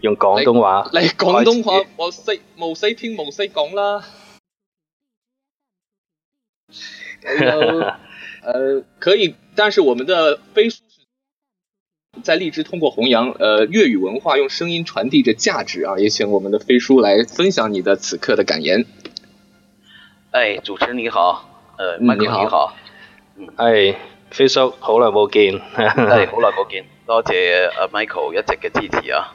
用廣東話來，來廣東話我識，唔識始聽，唔識講啦。Uh, uh, 可以，但是我們的飛叔在荔枝通過弘揚、嗯呃、粵粵語文化，用聲音傳遞着價值啊！也請我們的飛叔來分享你的此刻的感言。哎，主持人好、呃、你好，呃 Michael 你好，嗯，哎，飛叔好耐冇見，真 好耐冇見， 多謝、uh, Michael 一直嘅支持啊！